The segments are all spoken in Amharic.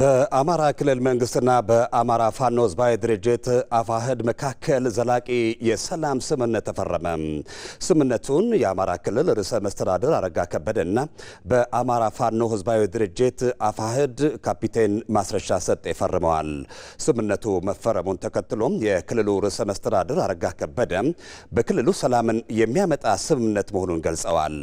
በአማራ ክልል መንግስትና በአማራ ፋኖ ህዝባዊ ድርጅት አፋህድ መካከል ዘላቂ የሰላም ስምምነት ተፈረመ። ስምምነቱን የአማራ ክልል ርዕሰ መስተዳድር አረጋ ከበደና በአማራ ፋኖ ህዝባዊ ድርጅት አፋህድ ካፒቴን ማስረሻ ሰጤ ፈርመዋል። ስምምነቱ መፈረሙን ተከትሎም የክልሉ ርዕሰ መስተዳድር አረጋ ከበደ በክልሉ ሰላምን የሚያመጣ ስምምነት መሆኑን ገልጸዋል።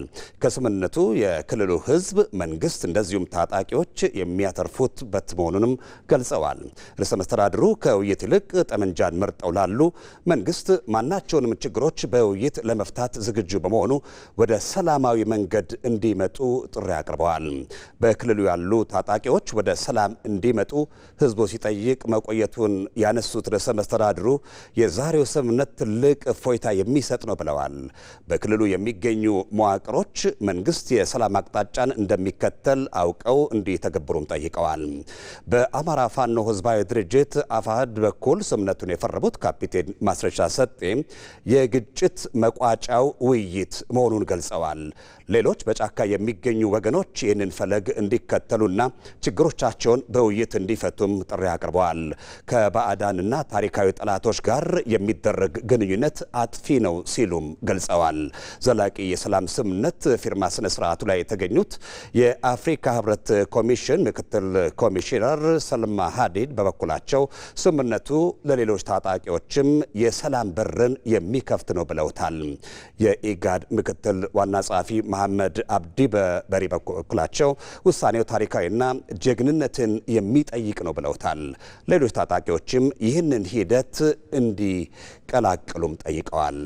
ከስምምነቱ የክልሉ ህዝብ፣ መንግስት እንደዚሁም ታጣቂዎች የሚያተርፉት የሚደርስበት መሆኑንም ገልጸዋል። ርዕሰ መስተዳድሩ ከውይይት ይልቅ ጠመንጃን መርጠው ላሉ መንግስት ማናቸውንም ችግሮች በውይይት ለመፍታት ዝግጁ በመሆኑ ወደ ሰላማዊ መንገድ እንዲመጡ ጥሪ አቅርበዋል። በክልሉ ያሉ ታጣቂዎች ወደ ሰላም እንዲመጡ ህዝቡ ሲጠይቅ መቆየቱን ያነሱት ርዕሰ መስተዳድሩ የዛሬው ስምምነት ትልቅ እፎይታ የሚሰጥ ነው ብለዋል። በክልሉ የሚገኙ መዋቅሮች መንግስት የሰላም አቅጣጫን እንደሚከተል አውቀው እንዲተገብሩም ጠይቀዋል። በአማራ ፋኖ ህዝባዊ ድርጅት አፋሕድ በኩል ስምነቱን የፈረሙት ካፒቴን ማስረሻ ሰጤ የግጭት መቋጫው ውይይት መሆኑን ገልጸዋል። ሌሎች በጫካ የሚገኙ ወገኖች ይህንን ፈለግ እንዲከተሉና ችግሮቻቸውን በውይይት እንዲፈቱም ጥሪ አቅርበዋል። ከባዕዳንና ታሪካዊ ጠላቶች ጋር የሚደረግ ግንኙነት አጥፊ ነው ሲሉም ገልጸዋል። ዘላቂ የሰላም ስምነት ፊርማ ስነ ስርዓቱ ላይ የተገኙት የአፍሪካ ህብረት ኮሚሽን ምክትል ኮሚ ኮሚሽነር ሰልማ ሀዲድ በበኩላቸው ስምምነቱ ለሌሎች ታጣቂዎችም የሰላም በርን የሚከፍት ነው ብለውታል። የኢጋድ ምክትል ዋና ጸሐፊ መሐመድ አብዲ በበሪ በኩላቸው ውሳኔው ታሪካዊና ጀግንነትን የሚጠይቅ ነው ብለውታል። ሌሎች ታጣቂዎችም ይህንን ሂደት እንዲቀላቅሉም ጠይቀዋል።